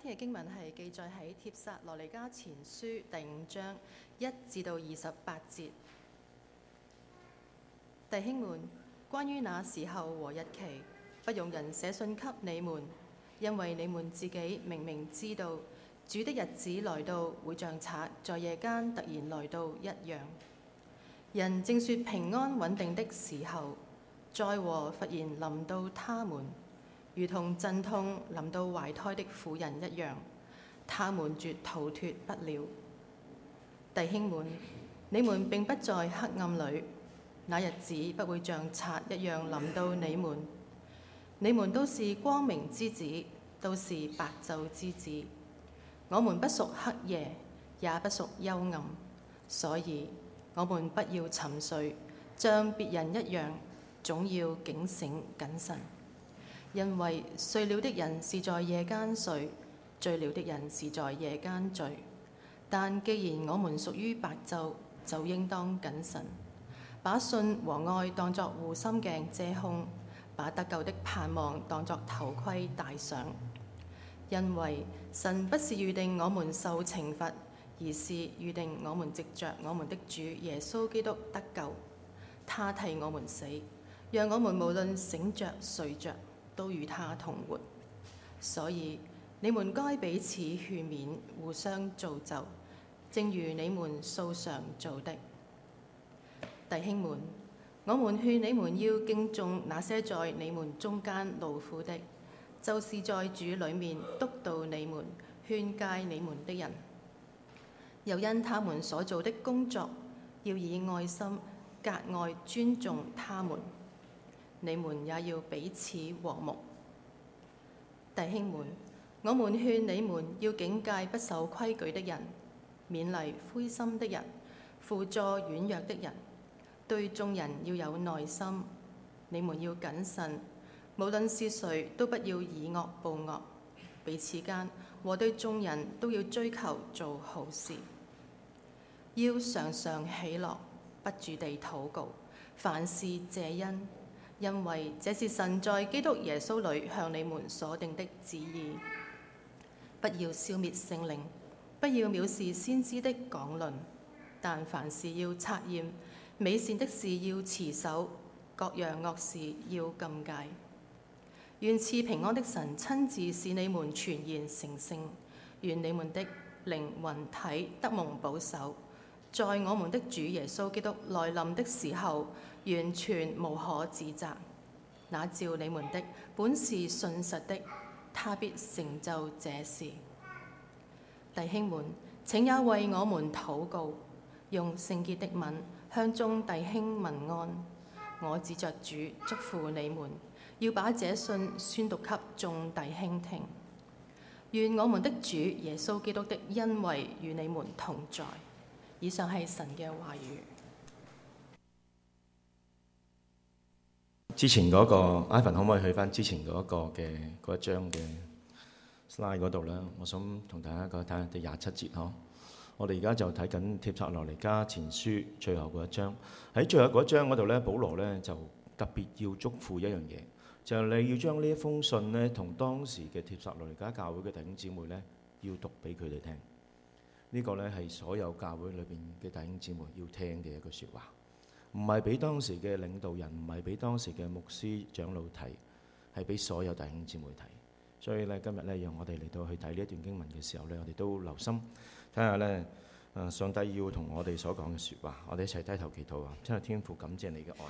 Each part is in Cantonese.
今天嘅經文係記載喺帖撒羅尼迦前書第五章一至到二十八節。弟兄們，關於那時候和日期，不用人寫信給你們，因為你們自己明明知道，主的日子來到會像賊在夜間突然來到一樣。人正説平安穩定的時候，災禍忽然臨到他們。如同陣痛臨到懷胎的婦人一樣，他們絕逃脱不了。弟兄們，你們並不在黑暗裏，那日子不會像賊一樣臨到你們。你們都是光明之子，都是白晝之子。我們不屬黑夜，也不屬幽暗，所以我們不要沉睡，像別人一樣，總要警醒謹慎。因為睡了的人是在夜間睡，醉了的人是在夜間醉。但既然我們屬於白晝，就應當謹慎，把信和愛當作護心鏡遮胸，把得救的盼望當作頭盔戴上。因為神不是預定我們受懲罰，而是預定我們藉着我們的主耶穌基督得救。他替我們死，讓我們無論醒着、睡着，都與他同活，所以你們該彼此勸勉，互相造就，正如你們素常做的。弟兄們，我們勸你們要敬重那些在你們中間勞苦的，就是在主裡面督導你們、勸戒你們的人，又因他們所做的工作，要以愛心格外尊重他們。你們也要彼此和睦。弟兄們，我們勸你們要警戒不守規矩的人，勉勵灰心的人，扶助軟弱的人，對眾人要有耐心。你們要謹慎，無論是誰，都不要以惡報惡。彼此間和對眾人都要追求做好事，要常常喜樂，不住地禱告，凡事謝恩。因為這是神在基督耶穌裏向你們所定的旨意，不要消滅聖靈，不要藐視先知的講論，但凡事要察驗，美善的事要持守，各樣惡事要禁戒。願賜平安的神親自使你們全然成聖，願你們的靈、魂、體得蒙保守，在我們的主耶穌基督來臨的時候。完全無可指責，那召你們的本是信實的，他必成就這事。弟兄們，請也為我們禱告，用聖潔的吻向眾弟兄問安。我指着主祝福你們，要把這信宣讀給眾弟兄聽。願我們的主耶穌基督的恩惠與你們同在。以上係神嘅話語。之前嗰、那個 Ivan 可唔可以去翻之前嗰個嘅嗰一張嘅 slide 嗰度咧？我想同大家講睇下第廿七節呵、啊。我哋而家就睇緊帖撒羅尼迦前書最後嗰一章。喺最後嗰一章嗰度咧，保羅咧就特別要祝福一樣嘢，就係、你要將呢一封信咧，同當時嘅帖撒羅尼迦教會嘅弟兄姊妹咧，要讀俾佢哋聽。這個、呢個咧係所有教會裏邊嘅弟兄姊妹要聽嘅一句説話。唔係俾當時嘅領導人，唔係俾當時嘅牧師長老睇，係俾所有弟兄姊妹睇。所以呢，今日呢，讓我哋嚟到去睇呢一段經文嘅時候呢，我哋都留心睇下呢，上帝要同我哋所講嘅説話，我哋一齊低頭祈禱啊！真係天父，感謝你嘅愛，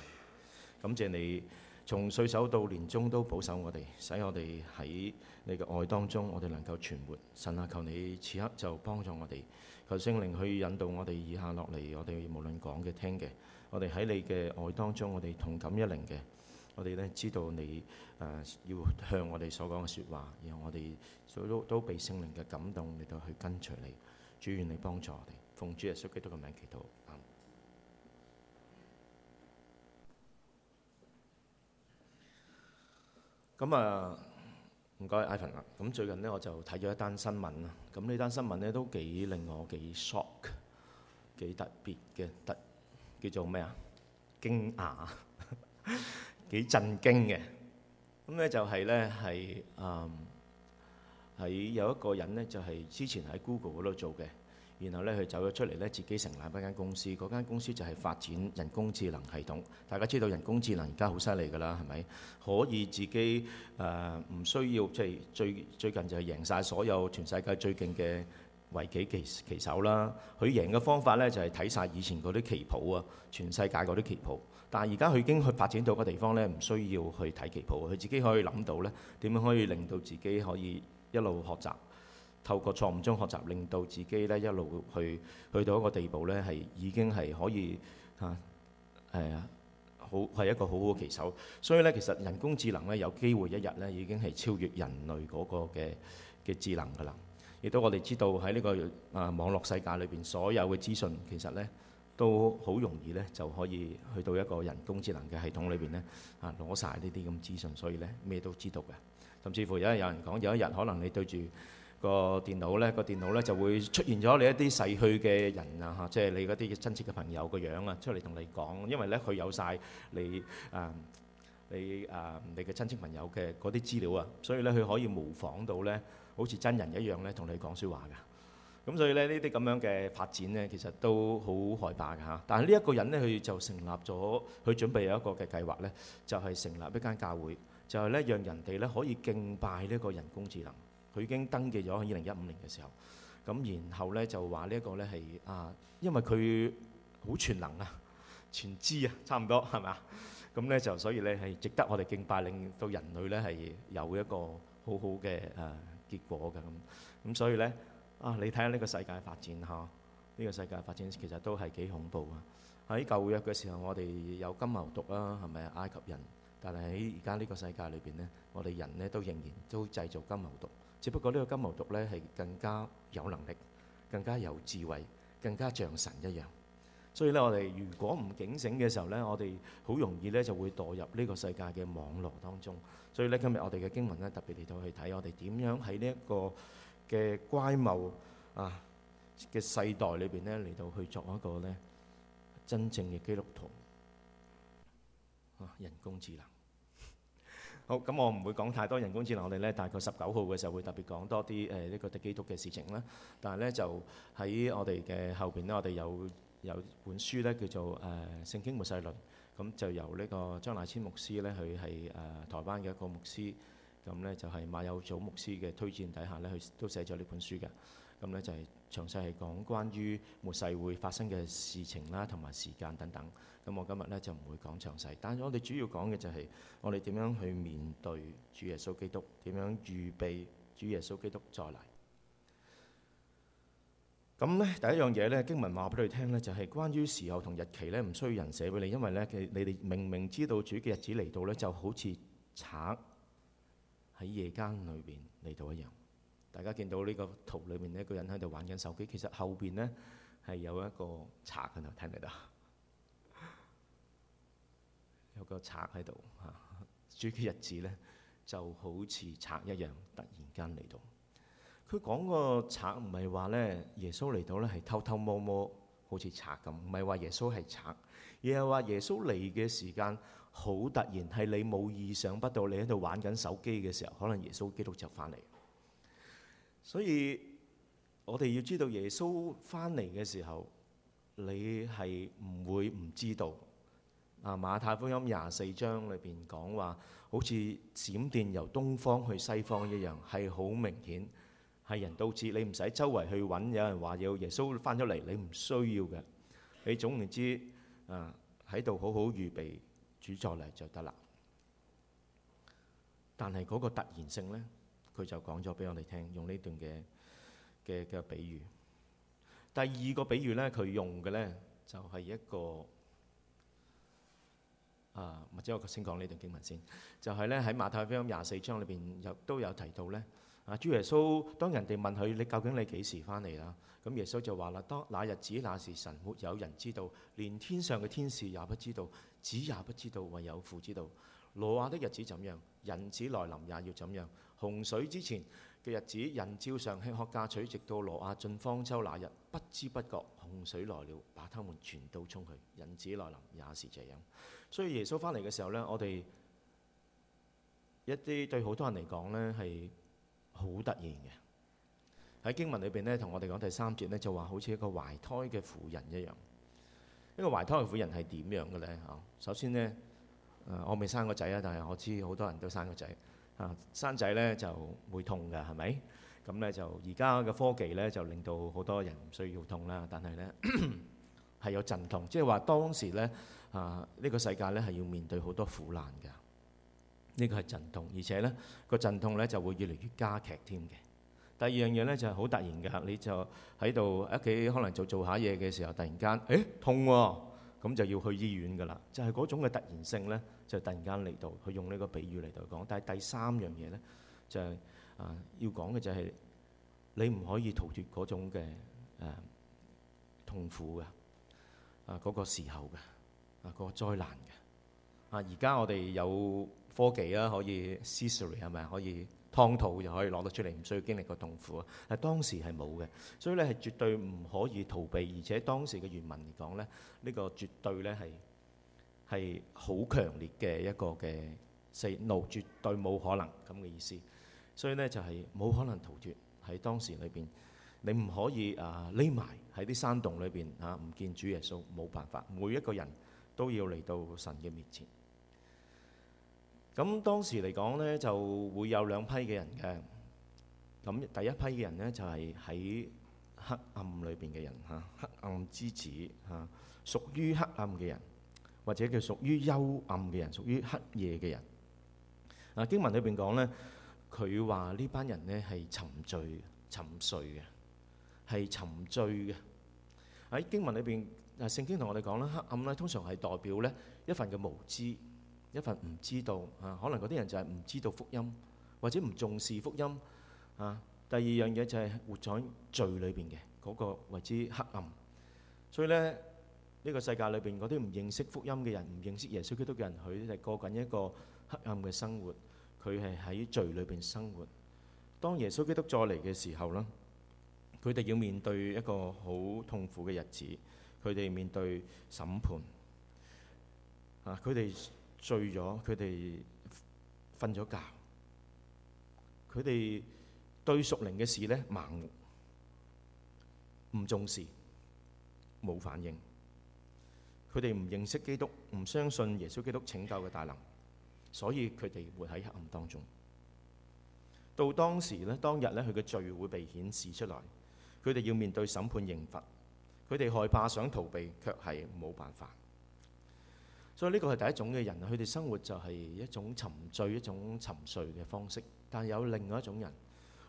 感謝你從歲首到年終都保守我哋，使我哋喺你嘅愛當中，我哋能夠存活。神啊，求你此刻就幫助我哋，求聖靈去引導我哋以下落嚟，我哋無論講嘅、聽嘅。我哋喺你嘅愛當中，我哋同感一靈嘅，我哋咧知道你誒、呃、要向我哋所講嘅説話，然後我哋都都被聖靈嘅感動嚟到去跟隨你，主願你幫助我哋，奉主耶穌基督嘅名祈禱。咁啊，唔該，Ivan 啦、啊。咁最近呢，我就睇咗一單新聞啦。咁呢單新聞呢，都幾令我幾 shock，幾特別嘅特。叫做咩啊？驚訝，幾震驚嘅。咁咧就係咧係嗯，喺有一個人咧就係之前喺 Google 嗰度做嘅，然後咧佢走咗出嚟咧，自己成立一間公司。嗰間公司就係發展人工智能系統。大家知道人工智能而家好犀利㗎啦，係咪？可以自己誒，唔需要，即係最最近就係贏曬所有全世界最勁嘅。圍棋棋手啦，佢贏嘅方法呢，就係睇晒以前嗰啲棋譜啊，全世界嗰啲棋譜。但係而家佢已經去發展到個地方呢，唔需要去睇棋譜，佢自己可以諗到呢點樣可以令到自己可以一路學習，透過錯誤中學習，令到自己呢一路去去到一個地步呢，係已經係可以嚇啊，啊，好係一個好好嘅棋手。所以呢，其實人工智能呢，有機會一日呢已經係超越人類嗰個嘅嘅智能噶啦。亦都我哋知道喺呢個啊網絡世界裏邊，所有嘅資訊其實咧都好容易咧就可以去到一個人工智能嘅系統裏邊咧啊攞曬呢啲咁資訊，所以咧咩都知道嘅。甚至乎有啲有人講，有一日可能你對住個電腦咧，個電腦咧就會出現咗你一啲逝去嘅人啊，即係你嗰啲親戚嘅朋友個樣啊，出嚟同你講，因為咧佢有曬你啊你啊你嘅親戚朋友嘅嗰啲資料啊，所以咧佢可以模仿到咧。好似真人一樣呢，同你講說話㗎。咁所以呢，呢啲咁樣嘅發展呢，其實都好害怕㗎吓。但係呢一個人呢，佢就成立咗，佢準備有一個嘅計劃呢，就係成立一間教會，就係呢，讓人哋呢可以敬拜呢一個人工智能。佢已經登記咗喺二零一五年嘅時候。咁然後呢就話呢一個呢係啊，因為佢好全能啊，全知啊，差唔多係咪？咁呢就所以呢係值得我哋敬拜，令到人類呢係有一個好好嘅啊。結果㗎咁，咁所以呢，啊，你睇下呢個世界發展吓，呢、啊呢個世界發展其實都係幾恐怖啊！喺舊約嘅時候，我哋有金牛犢啦，係咪埃及人？但係喺而家呢個世界裏邊呢，我哋人呢都仍然都製造金牛犢，只不過呢個金牛犢呢係更加有能力、更加有智慧、更加像神一樣。所以咧，我哋如果唔警醒嘅時候咧，我哋好容易咧就會墮入呢個世界嘅網絡當中。所以咧，今日我哋嘅經文咧特別嚟到去睇我哋點樣喺呢一個嘅乖謬啊嘅世代裏邊咧嚟到去作一個咧真正嘅基督徒啊。人工智能。好，咁我唔會講太多人工智能。我哋咧大概十九號嘅時候會特別講多啲誒呢個嘅基督嘅事情啦。但係咧就喺我哋嘅後邊咧，我哋有。有本書咧叫做《誒、呃、聖經末世論》，咁、嗯、就由呢個張乃千牧師咧，佢係誒台灣嘅一個牧師，咁、嗯、咧就係、是、馬有祖牧師嘅推薦底下咧，佢都寫咗呢本書嘅。咁、嗯、咧就係、是、詳細係講關於末世會發生嘅事情啦，同埋時間等等。咁、嗯、我今日咧就唔會講詳細，但係我哋主要講嘅就係、是、我哋點樣去面對主耶穌基督，點樣預備主耶穌基督再嚟。咁咧，第一樣嘢咧，經文話俾你聽咧，就係關於時候同日期咧，唔需要人寫俾你，因為咧，你你哋明明知道主嘅日子嚟到咧，就好似賊喺夜間裏邊嚟到一樣。大家見到呢個圖裏邊咧，一個人喺度玩緊手機，其實後邊咧係有一個賊喺度，聽唔聽到？有個賊喺度，主嘅日子咧就好似賊一樣，突然間嚟到。佢講個賊唔係話呢，耶穌嚟到呢係偷偷摸摸，好似賊咁，唔係話耶穌係賊，而係話耶穌嚟嘅時間好突然，係你冇意想不到，你喺度玩緊手機嘅時候，可能耶穌基督就翻嚟。所以我哋要知道耶穌翻嚟嘅時候，你係唔會唔知道。啊，馬太福音廿四章裏邊講話，好似閃電由東方去西方一樣，係好明顯。係人都知，你唔使周圍去揾。有人話要耶穌翻出嚟，你唔需要嘅。你總言之啊喺度好好預備主再嚟就得啦。但係嗰個突然性咧，佢就講咗俾我哋聽，用呢段嘅嘅嘅比喻。第二個比喻咧，佢用嘅咧就係一個啊，或者我先講呢段經文先，就係咧喺馬太福音廿四章裏邊有都有提到咧。啊！主耶穌，當人哋問佢：你究竟你幾時翻嚟啦？咁耶穌就話啦：當那日子那時，那時辰，沒有人知道，連天上嘅天使也不知道，子也不知道，唯有父知道。羅亞的日子怎樣，人子來臨也要怎樣。洪水之前嘅日子，人照常吃喝嫁娶，直到羅亞進方舟那日，不知不覺洪水來了，把他們全都沖去。人子來臨也是這樣。所以耶穌翻嚟嘅時候呢，我哋一啲對好多人嚟講呢係。好突然嘅，喺經文裏邊咧，同我哋講第三節咧，就話好似一個懷胎嘅婦人一樣。呢個懷胎嘅婦人係點樣嘅咧？啊，首先咧、呃，我未生過仔啊，但係我知好多人都生過仔。啊，生仔咧就會痛㗎，係咪？咁咧就而家嘅科技咧就令到好多人唔需要痛啦。但係咧係有陣痛，即係話當時咧啊，呢、呢個世界咧係要面對好多苦難㗎。呢個係陣痛，而且呢、呢個陣痛呢就會越嚟越加劇添嘅。第二樣嘢呢就係好突然㗎，你就喺度屋企可能就做做下嘢嘅時候，突然間，誒痛喎，啊，咁就要去醫院㗎啦。就係，是，嗰種嘅突然性呢，就突然間嚟到。佢用呢個比喻嚟到講。但係第三樣嘢呢，就係，是、啊、呃、要講嘅就係，是，你唔可以逃脫嗰種嘅、呃、痛苦嘅啊嗰個時候嘅啊、呃嗰個災難嘅而家我哋有。科技啊，可以 surgery 係咪啊？可以劏肚又可以攞到出嚟，唔需要經歷個痛苦啊！但當時係冇嘅，所以咧係絕對唔可以逃避，而且當時嘅原文嚟講咧，呢個絕對咧係係好強烈嘅一個嘅勢怒，絕對冇可能咁嘅意思。所以咧就係冇可能逃脫喺當時裏邊，你唔可以啊匿埋喺啲山洞裏邊嚇，唔見主耶穌冇辦法，每一個人都要嚟到神嘅面前。咁當時嚟講呢，就會有兩批嘅人嘅。咁第一批嘅人呢，就係、係、喺黑暗裏邊嘅人嚇，黑暗之子嚇、啊，屬於黑暗嘅人，或者叫屬於幽暗嘅人，屬於黑夜嘅人。啊，經文裏邊講呢，佢話呢班人呢係沉醉、沉睡嘅，係沉醉嘅。喺經文裏邊、啊，聖經同我哋講啦，黑暗呢通常係代表呢一份嘅無知。一份唔知道啊，可能嗰啲人就係唔知道福音，或者唔重視福音啊。第二樣嘢就係活在罪裏邊嘅嗰個為之黑暗。所以咧，呢個世界裏邊嗰啲唔認識福音嘅人，唔認識耶穌基督嘅人，佢哋過緊一個黑暗嘅生活。佢係喺罪裏邊生活。當耶穌基督再嚟嘅時候呢，佢哋要面對一個好痛苦嘅日子。佢哋面對審判啊！佢哋。醉咗，佢哋瞓咗覺。佢哋對屬靈嘅事呢，盲目，唔重視，冇反應。佢哋唔認識基督，唔相信耶穌基督拯救嘅大能，所以佢哋活喺黑暗當中。到當時呢，當日呢，佢嘅罪會被顯示出來，佢哋要面對審判刑罰。佢哋害怕想逃避，卻係冇辦法。所以呢個係第一種嘅人，佢哋生活就係一種沉醉、一種沉睡嘅方式。但有另外一種人，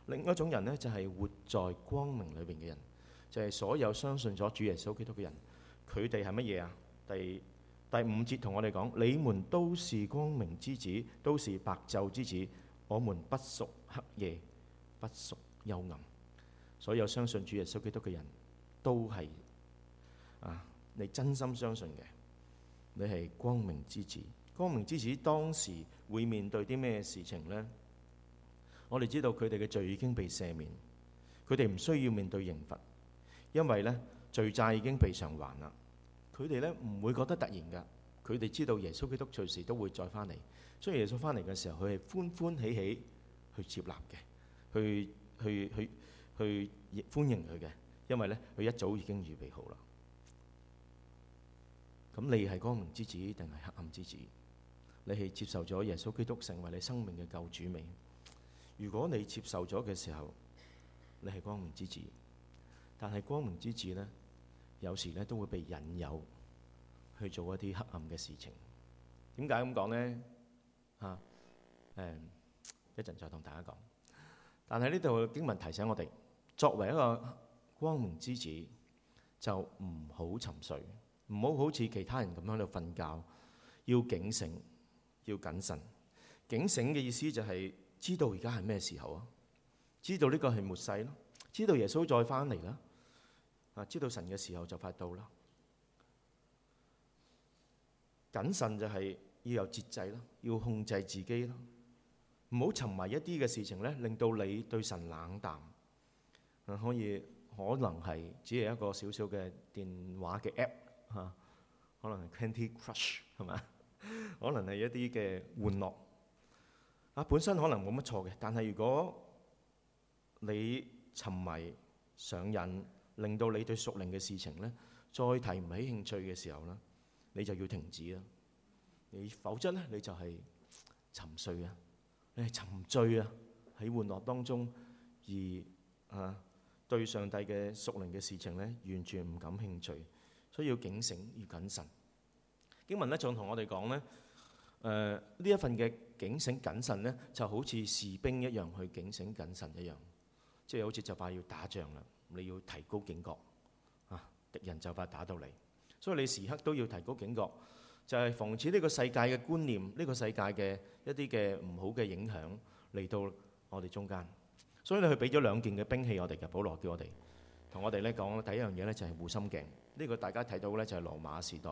另外一種人呢，就係活在光明裏邊嘅人，就係所有相信咗主耶穌基督嘅人。佢哋係乜嘢啊？第第五節同我哋講：你們都是光明之子，都是白晝之子。我們不屬黑夜，不屬幽暗。所有相信主耶穌基督嘅人都係啊，你真心相信嘅。你係光明之子，光明之子當時會面對啲咩事情呢？我哋知道佢哋嘅罪已經被赦免，佢哋唔需要面對刑罰，因為呢，罪債已經被償還啦。佢哋呢唔會覺得突然噶，佢哋知道耶穌基督隨時都會再翻嚟，所以耶穌翻嚟嘅時候，佢係歡歡喜喜去接納嘅，去去去去，去歡迎佢嘅，因為呢，佢一早已經預備好啦。咁你係光明之子定係黑暗之子？你係接受咗耶穌基督成為你生命嘅救主未？如果你接受咗嘅時候，你係光明之子，但係光明之子呢，有時呢都會被引誘去做一啲黑暗嘅事情。點解咁講呢？吓，誒，一陣再同大家講。但係呢度經文提醒我哋，作為一個光明之子，就唔好沉睡。唔好好似其他人咁樣喺度瞓覺，要警醒，要謹慎。警醒嘅意思就係知道而家係咩時候啊？知道呢個係末世咯，知道耶穌再翻嚟啦，啊，知道神嘅時候就快到啦。謹慎就係要有節制咯，要控制自己咯，唔好沉迷一啲嘅事情咧，令到你對神冷淡。可以可能係只係一個小小嘅電話嘅 app。嚇、啊，可能《Candy Crush》係嘛？可能係一啲嘅玩樂。嗯、啊，本身可能冇乜錯嘅，但係如果你沉迷上癮，令到你對屬靈嘅事情咧，再提唔起興趣嘅時候啦，你就要停止啦。你否則咧，你就係沉睡啊，你係沉醉啊，喺玩樂當中而啊，對上帝嘅屬靈嘅事情咧，完全唔感興趣。所以要警醒，要謹慎。經文咧仲同我哋講咧，誒呢一份嘅警醒謹慎咧，就好似士兵一樣去警醒謹慎一樣，即係好似就快要打仗啦，你要提高警覺啊！敵人就快打到你，所以你時刻都要提高警覺，就係防止呢個世界嘅觀念、呢個世界嘅一啲嘅唔好嘅影響嚟到我哋中間。所以咧，佢俾咗兩件嘅兵器我哋嘅，保羅叫我哋同我哋咧講，第一樣嘢咧就係護心鏡。呢個大家睇到呢，就係羅馬時代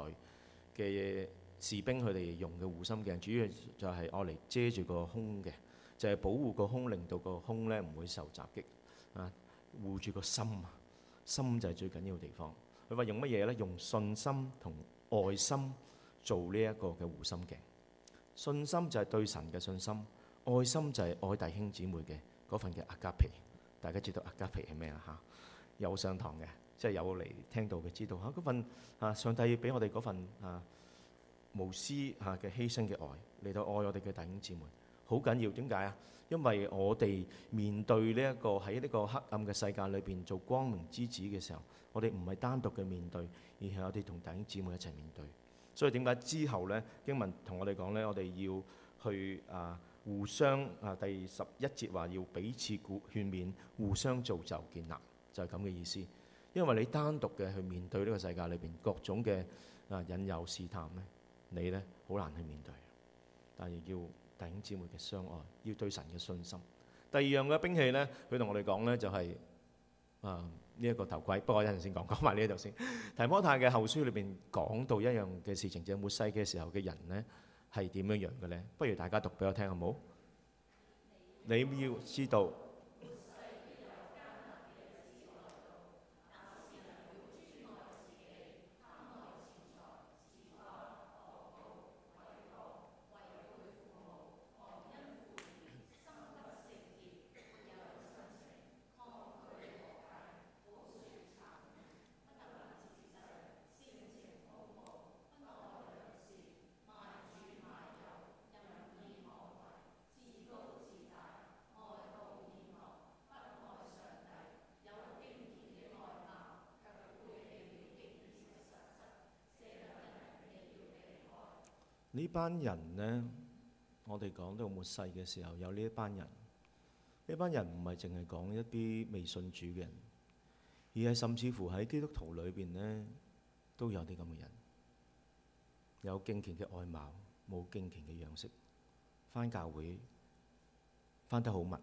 嘅士兵佢哋用嘅護心鏡，主要就係用嚟遮住個胸嘅，就係保護個胸，令到個胸呢唔會受襲擊啊！護住個心，心就係最緊要嘅地方。佢話用乜嘢呢？用信心同愛心做呢一個嘅護心鏡。信心就係對神嘅信心，愛心就係愛弟兄姊妹嘅嗰份嘅阿加皮。大家知道阿加皮係咩啦？嚇，有上堂嘅。即係有嚟聽到嘅，知道嚇嗰份啊！上帝俾我哋嗰份啊無私嚇嘅犧牲嘅愛嚟到愛我哋嘅弟兄姊妹，好緊要，點解啊？因為我哋面對呢一個喺呢個黑暗嘅世界裏邊做光明之子嘅時候，我哋唔係單獨嘅面對，而係我哋同弟兄姊妹一齊面對。所以點解之後呢？經文同我哋講呢，我哋要去啊互相啊第十一節話要彼此鼓勸勉，互相造就建立，就係咁嘅意思。因為你單獨嘅去面對呢個世界裏邊各種嘅啊引誘試探咧，你咧好難去面對。但係要弟兄姊妹嘅相愛，要對神嘅信心。第二樣嘅兵器咧，佢同我哋講咧就係啊呢一個頭盔。不過我一陣先講講埋呢度先。提摩太嘅後書裏邊講到一樣嘅事情，就係末世嘅時候嘅人咧係點樣樣嘅咧？不如大家讀俾我聽好冇？你要知道。班人呢，我哋講到末世嘅時候，有呢一班人。呢班人唔係淨係講一啲未信主嘅人，而係甚至乎喺基督徒裏邊呢，都有啲咁嘅人。有敬虔嘅外貌，冇敬虔嘅樣式。返教會返得好密，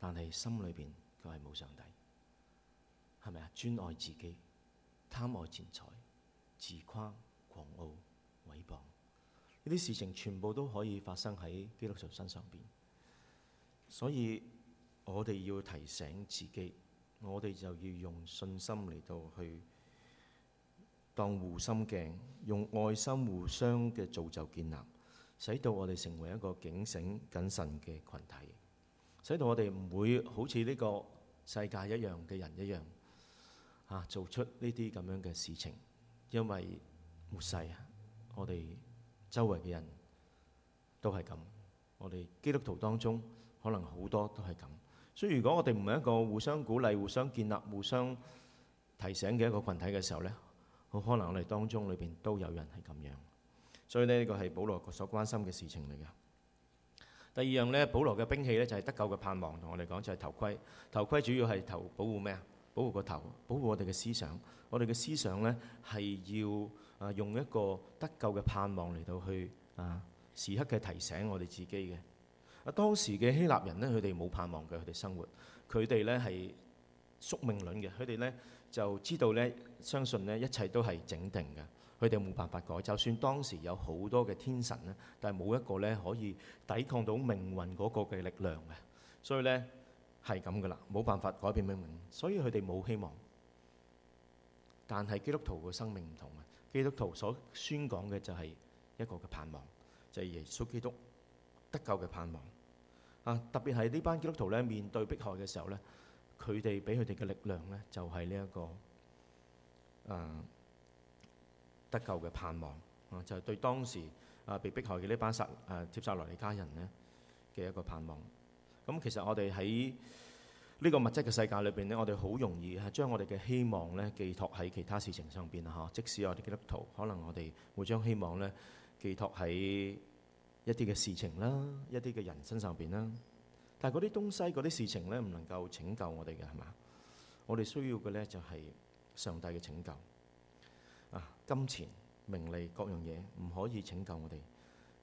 但係心裏邊佢係冇上帝，係咪啊？專愛自己，貪愛錢財，自誇狂傲。呢啲事情全部都可以發生喺基督徒身上邊，所以我哋要提醒自己，我哋就要用信心嚟到去當護心鏡，用愛心互相嘅造就建立，使到我哋成為一個警醒謹慎嘅群體，使到我哋唔會好似呢個世界一樣嘅人一樣啊，做出呢啲咁樣嘅事情，因為末世啊，我哋。周圍嘅人都係咁，我哋基督徒當中可能好多都係咁，所以如果我哋唔係一個互相鼓勵、互相建立、互相提醒嘅一個群體嘅時候呢，好可能我哋當中裏邊都有人係咁樣，所以呢呢個係保羅所關心嘅事情嚟嘅。第二樣呢，保羅嘅兵器呢就係得救嘅盼望，同我哋講就係頭盔。頭盔主要係頭保護咩啊？保護個頭，保護我哋嘅思想。我哋嘅思想呢係要。啊！用一個得救嘅盼望嚟到去啊，時刻嘅提醒我哋自己嘅。啊，當時嘅希臘人呢，佢哋冇盼望嘅，佢哋生活，佢哋呢係宿命論嘅，佢哋呢就知道呢，相信呢一切都係整定嘅，佢哋冇辦法改。就算當時有好多嘅天神呢，但係冇一個呢可以抵抗到命運嗰個嘅力量嘅，所以呢係咁噶啦，冇辦法改變命運，所以佢哋冇希望。但係基督徒嘅生命唔同。基督徒所宣講嘅就係一個嘅盼望，就係、是、耶穌基督得救嘅盼望啊！特別係呢班基督徒咧面對迫害嘅時候咧，佢哋俾佢哋嘅力量咧就係呢一個誒、啊、得救嘅盼望啊，就係、是、對當時啊被迫害嘅呢班殺誒帖撒羅尼迦人咧嘅一個盼望。咁、嗯、其實我哋喺呢個物質嘅世界裏邊咧，我哋好容易係將我哋嘅希望咧寄託喺其他事情上邊啦，即使我哋基督徒，可能我哋會將希望咧寄託喺一啲嘅事情啦、一啲嘅人身上邊啦。但係嗰啲東西、嗰啲事情呢，唔能夠拯救我哋嘅，係嘛？我哋需要嘅呢，就係上帝嘅拯救。啊，金錢、名利各樣嘢唔可以拯救我哋，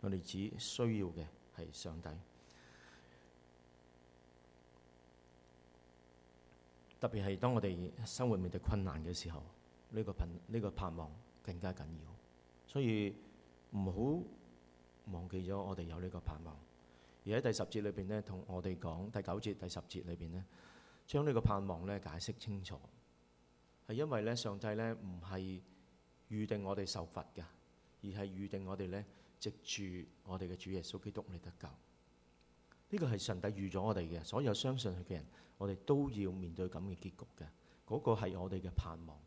我哋只需要嘅係上帝。特別係當我哋生活面對困難嘅時候，呢個盼呢個盼望更加緊要，所以唔好忘記咗我哋有呢個盼望。而喺第十節裏邊呢，同我哋講第九節、第十節裏邊呢，將呢個盼望呢解釋清楚，係因為呢上帝呢唔係預定我哋受罰嘅，而係預定我哋呢藉住我哋嘅主耶穌基督嚟得救。呢個係上帝預咗我哋嘅，所有相信佢嘅人，我哋都要面對咁嘅結局嘅。嗰、嗰個係我哋嘅盼望，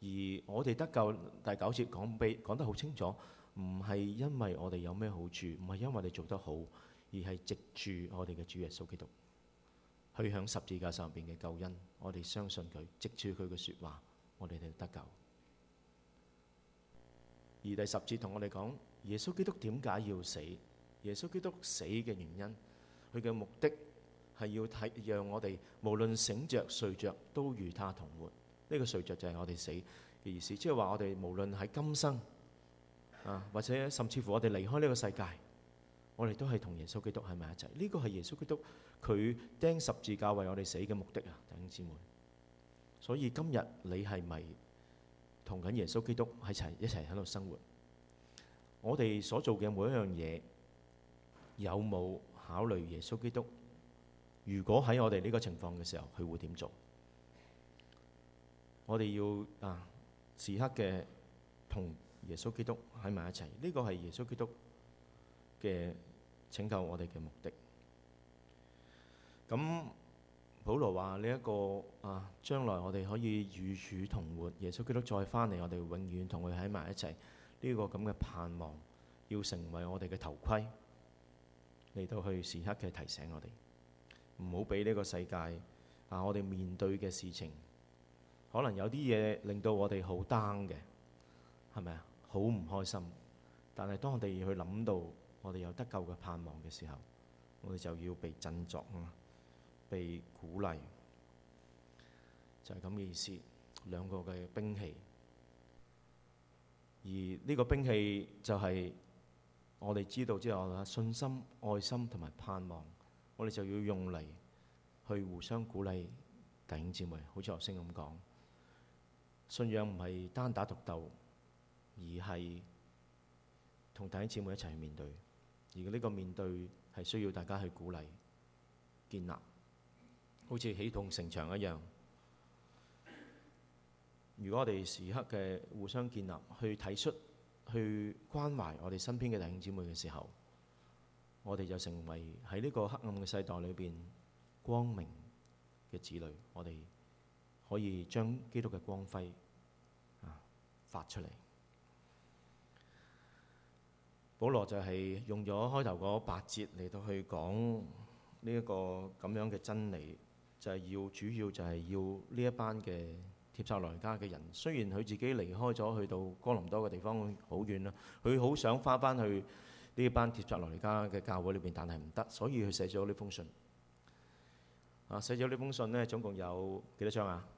而我哋得救。第九節講俾講得好清楚，唔係因為我哋有咩好處，唔係因為你做得好，而係藉住我哋嘅主耶穌基督，去響十字架上邊嘅救恩。我哋相信佢，藉住佢嘅説話，我哋就得救。而第十節同我哋講，耶穌基督點解要死？耶穌基督死嘅原因？佢嘅目的係要睇，讓我哋無論醒著睡著都與他同活。呢個睡著就係我哋死嘅意思，即係話我哋無論喺今生啊，或者甚至乎我哋離開呢個世界，我哋都係同耶穌基督喺埋一齊。呢個係耶穌基督佢釘十字架為我哋死嘅目的啊，弟兄姊妹。所以今日你係咪同緊耶穌基督喺一齊？一齊喺度生活。我哋所做嘅每一樣嘢，有冇？考慮耶穌基督，如果喺我哋呢個情況嘅時候，佢會點做？我哋要啊，時刻嘅同耶穌基督喺埋一齊。呢個係耶穌基督嘅拯救我哋嘅目的。咁保羅話呢一個啊，將來我哋可以與主同活。耶穌基督再返嚟，我哋永遠同佢喺埋一齊。呢個咁嘅盼望要成為我哋嘅頭盔。嚟到去時刻嘅提醒我哋，唔好俾呢個世界啊！我哋面對嘅事情，可能有啲嘢令到我哋好 down 嘅，係咪啊？好唔開心。但係當我哋去諗到我哋有得救嘅盼望嘅時候，我哋就要被振作啊，被鼓勵，就係咁嘅意思。兩個嘅兵器，而呢個兵器就係、是。我哋知道之後，信心、愛心同埋盼望，我哋就要用嚟去互相鼓勵弟兄姊妹。好似學生咁講，信仰唔係單打獨鬥，而係同弟兄姊妹一齊去面對。而呢個面對係需要大家去鼓勵、建立，好似起同城牆一樣。如果我哋時刻嘅互相建立，去睇出。去關懷我哋身邊嘅弟兄姊妹嘅時候，我哋就成為喺呢個黑暗嘅世代裏邊光明嘅子女。我哋可以將基督嘅光輝啊，發出嚟。保羅就係用咗開頭嗰八節嚟到去講呢、這、一個咁樣嘅真理，就係、是、要主要就係要呢一班嘅。帖撒羅尼加嘅人，雖然佢自己離開咗，去到哥林多嘅地方好遠啦，佢好想返翻去呢班帖撒羅尼加嘅教會裏邊，但係唔得，所以佢寫咗呢封信。啊，寫咗呢封信咧，總共有幾多章啊？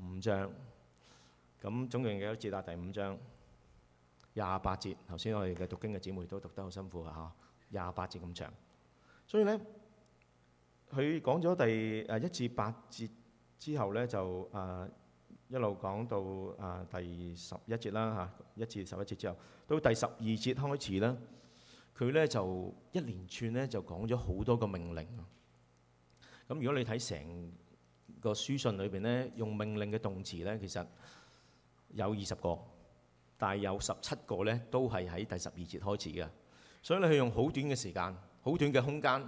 五章。咁總共有一直達第五章，廿八節。頭先我哋嘅讀經嘅姊妹都讀得好辛苦啊！嚇，廿八節咁長。所以咧，佢講咗第誒一至八節。之後咧就誒、呃、一路講到誒、呃、第十一節啦嚇、啊，一至十一節之後，到第十二節開始啦。佢咧就一連串咧就講咗好多個命令。咁如果你睇成個書信裏邊咧，用命令嘅動詞咧，其實有二十個，但係有十七個咧都係喺第十二節開始嘅。所以你去用好短嘅時間、好短嘅空間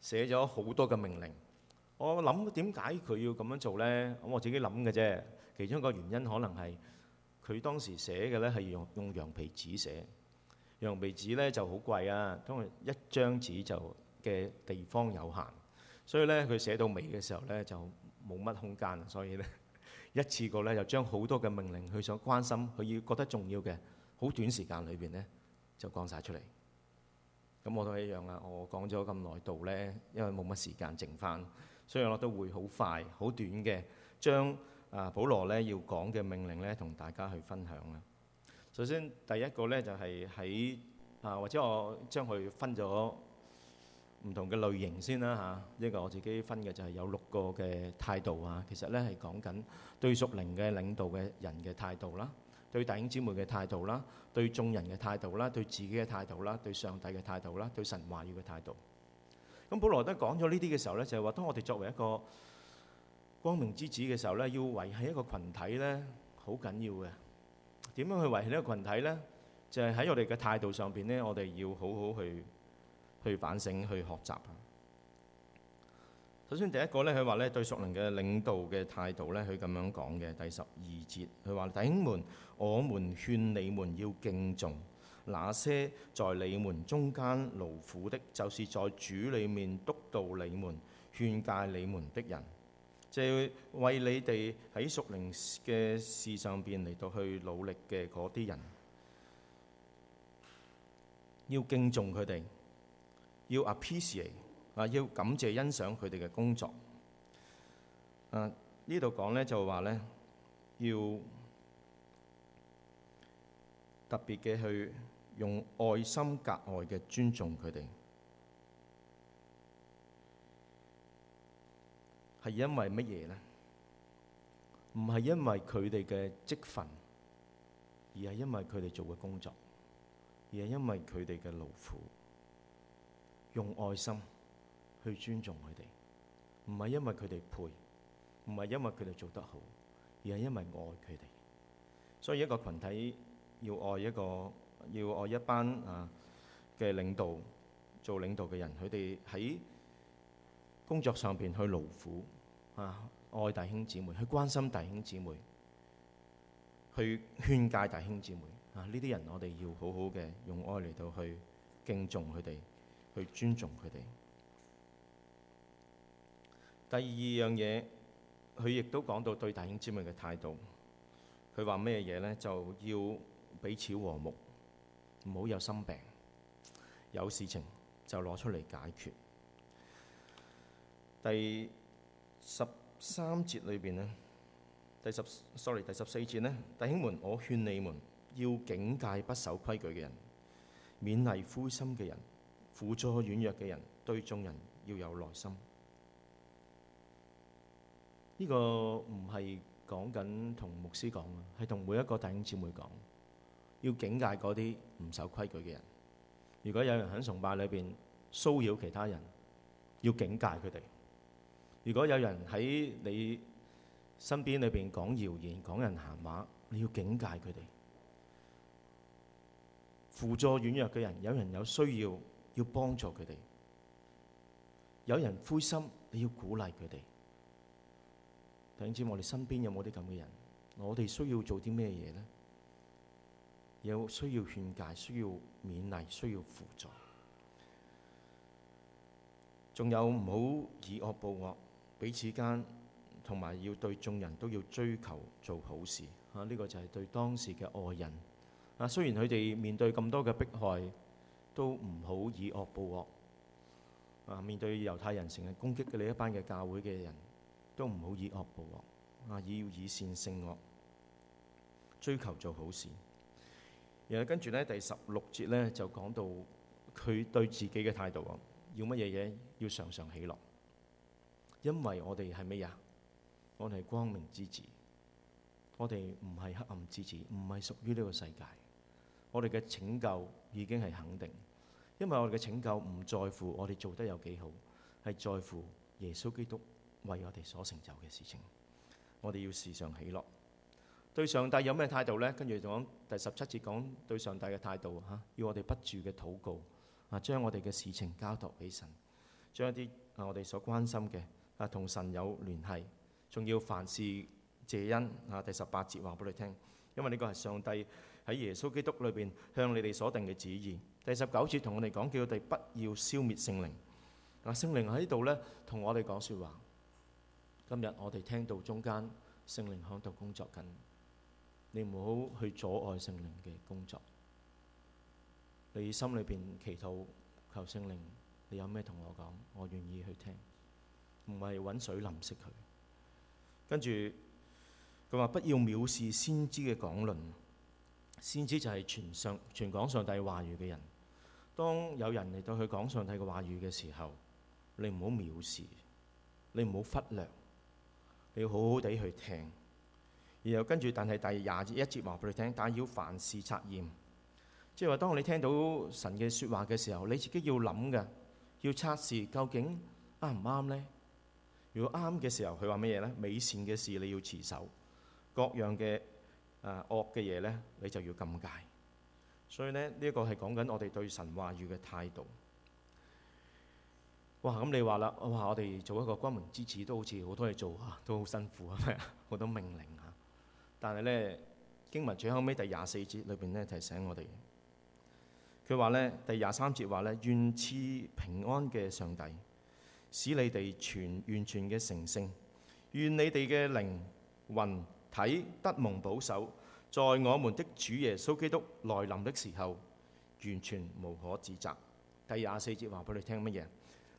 寫咗好多嘅命令。我諗點解佢要咁樣做呢？咁我自己諗嘅啫。其中一個原因可能係佢當時寫嘅呢係用用羊皮紙寫，羊皮紙呢就好貴啊，因為一張紙就嘅地方有限，所以呢佢寫到尾嘅時候呢就冇乜空間，所以呢一次過呢就將好多嘅命令佢想關心佢要覺得重要嘅，好短時間裏邊呢就講晒出嚟。咁我都一樣啦，我講咗咁耐度呢，因為冇乜時間剩翻。所以我都會好快、好短嘅，將啊保羅咧要講嘅命令咧，同大家去分享啦。首先第一個咧就係喺啊，或者我將佢分咗唔同嘅類型先啦嚇。呢個我自己分嘅就係有六個嘅態度啊。其實咧係講緊對屬靈嘅領導嘅人嘅態度啦，對弟兄姊妹嘅態度啦，對眾人嘅態度啦，對自己嘅態度啦，對上帝嘅態度啦，對神話語嘅態度。咁保羅德講咗呢啲嘅時候呢，就係話當我哋作為一個光明之子嘅時候呢，要維係一個群體呢，好緊要嘅。點樣去維係呢個群體呢？就係喺我哋嘅態度上邊呢，我哋要好好去去反省、去學習。首先第一個呢，佢話呢對屬靈嘅領導嘅態度呢，佢咁樣講嘅第十二節，佢話弟兄們，我們勸你們要敬重。那些在你們中間勞苦的，就是在主裏面督導你們、勸戒你們的人，即係為你哋喺屬靈嘅事上邊嚟到去努力嘅嗰啲人，要敬重佢哋，要 appreciate 啊，要感謝欣賞佢哋嘅工作。呢度講呢，就話呢，要特別嘅去。用愛心格外嘅尊重佢哋，係因為乜嘢呢？唔係因為佢哋嘅職分，而係因為佢哋做嘅工作，而係因為佢哋嘅勞苦。用愛心去尊重佢哋，唔係因為佢哋配，唔係因為佢哋做得好，而係因為愛佢哋。所以一個群體要愛一個。要愛一班啊嘅領導做領導嘅人，佢哋喺工作上邊去勞苦啊，愛弟兄姊妹，去關心弟兄姊妹，去勸戒弟兄姊妹啊，呢啲人我哋要好好嘅用愛嚟到去敬重佢哋，去尊重佢哋。第二樣嘢，佢亦都講到對弟兄姊妹嘅態度。佢話咩嘢呢？就要彼此和睦。唔好有心病，有事情就攞出嚟解決。第十三節裏邊咧，第十，sorry，第十四節呢，弟兄們，我勸你們要警戒不守規矩嘅人，勉勵灰心嘅人，輔助軟弱嘅人，對眾人要有耐心。呢、這個唔係講緊同牧師講啊，係同每一個弟兄姊妹講。要警戒嗰啲唔守規矩嘅人。如果有人喺崇拜裏邊騷擾其他人，要警戒佢哋。如果有人喺你身邊裏邊講謠言、講人閒話，你要警戒佢哋。輔助軟弱嘅人，有人有需要要幫助佢哋。有人灰心，你要鼓勵佢哋。唔知我哋身邊有冇啲咁嘅人？我哋需要做啲咩嘢呢？有需要勸戒需要，需要勉勵，需要輔助，仲有唔好以惡報惡，彼此間同埋要對眾人都要追求做好事嚇。呢、啊呢個就係對當時嘅外人啊。雖然佢哋面對咁多嘅迫害，都唔好以惡報惡啊。面對猶太人成日攻擊嘅呢一班嘅教會嘅人，都唔好以惡報惡啊。要以善勝惡，追求做好事。然後跟住咧，第十六節咧就講到佢對自己嘅態度啊，要乜嘢嘢？要常常喜樂，因為我哋係乜嘢？我哋係光明之子，我哋唔係黑暗之子，唔係屬於呢個世界。我哋嘅拯救已經係肯定，因為我哋嘅拯救唔在乎我哋做得有幾好，係在乎耶穌基督為我哋所成就嘅事情。我哋要時常喜樂。對上帝有咩態度呢？跟住講第十七節，講對上帝嘅態度，吓，要我哋不住嘅禱告，啊，將我哋嘅事情交託俾神，將一啲啊我哋所關心嘅，啊同神有聯繫，仲要凡事謝恩啊。第十八節話俾你聽，因為呢個係上帝喺耶穌基督裏邊向你哋所定嘅旨意。第十九節同我哋講，叫我哋不要消滅聖靈，啊聖靈喺度呢同我哋講說話。今日我哋聽到中間聖靈喺度工作緊。你唔好去阻礙聖靈嘅工作。你心裏邊祈禱求聖靈，你有咩同我講，我願意去聽。唔係揾水淋熄佢。跟住佢話：不要藐視先知嘅講論。先知就係傳上傳講上帝話語嘅人。當有人嚟到佢講上帝嘅話語嘅時候，你唔好藐視，你唔好忽略，你要好好地去聽。然後跟住，但係第廿一節話俾你聽，但係要凡事測驗，即係話當你聽到神嘅説話嘅時候，你自己要諗嘅，要測試究竟啱唔啱呢？如果啱嘅時候，佢話乜嘢呢？美善嘅事你要持守，各樣嘅誒惡嘅嘢呢，你就要禁戒。所以呢，呢、這、一個係講緊我哋對神話語嘅態度。哇！咁、嗯、你話啦，哇！我哋做一個光明之子都好似好多嘢做嚇，都好都辛苦啊！好多命令。但係咧，經文最後尾第廿四節裏邊咧，提醒我哋，佢話咧，第廿三節話咧，願賜平安嘅上帝，使你哋全完全嘅成聖，願你哋嘅靈魂體得蒙保守，在我們的主耶穌基督來臨的時候，完全無可指責。第廿四節話俾你聽乜嘢？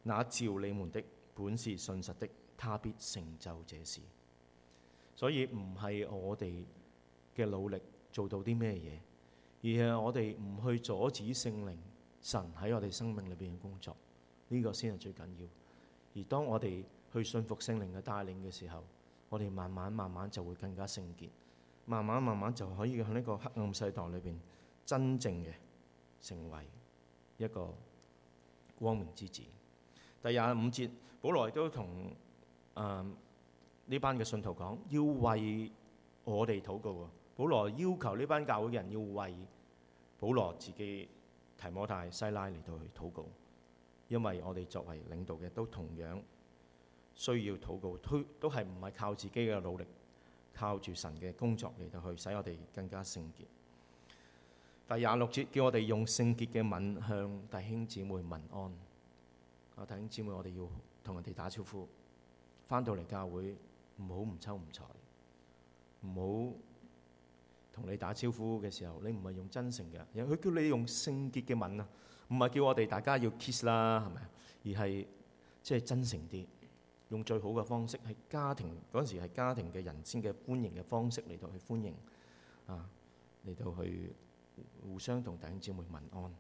那召你們的本是信實的，他必成就這事。所以唔係我哋嘅努力做到啲咩嘢，而係我哋唔去阻止聖靈神喺我哋生命裏邊嘅工作，呢個先係最緊要。而當我哋去信服聖靈嘅帶領嘅時候，我哋慢慢慢慢就會更加聖潔，慢慢慢慢就可以喺呢個黑暗世代裏邊真正嘅成為一個光明之子。第廿五節，保羅都同呢班嘅信徒講要為我哋禱告。保羅要求呢班教會嘅人要為保羅自己、提摩太、西拉嚟到去禱告，因為我哋作為領導嘅都同樣需要禱告，都，都係唔係靠自己嘅努力，靠住神嘅工作嚟到去使我哋更加聖潔。第廿六節叫我哋用聖潔嘅吻向弟兄姊妹問安。啊，弟兄姊妹，我哋要同人哋打招呼，返到嚟教會。唔好唔抽唔睬，唔好同你打招呼嘅時候，你唔係用真誠嘅，因為佢叫你用聖潔嘅吻啊，唔係叫我哋大家要 kiss 啦，係咪？而係即係真誠啲，用最好嘅方式，係家庭嗰時係家庭嘅人先嘅歡迎嘅方式嚟到去歡迎啊，嚟到去互相同弟兄姊妹問安，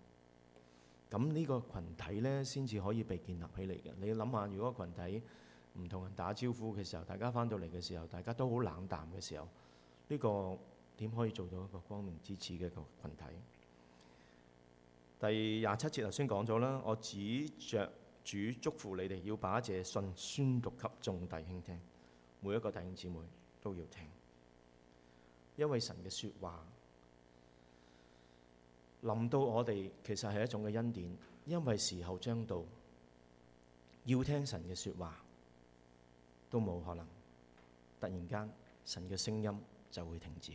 咁呢個群體咧先至可以被建立起嚟嘅。你諗下，如果個群體？唔同人打招呼嘅時候，大家翻到嚟嘅時候，大家都好冷淡嘅時候，呢個點可以做到一個光明之子嘅一個群體？第廿七節頭先講咗啦，我指着主祝福你哋，要把這信宣讀給眾弟兄聽，每一個弟兄姊妹都要聽，因為神嘅説話臨到我哋，其實係一種嘅恩典，因為時候將到，要聽神嘅説話。都冇可能，突然間神嘅聲音就會停止。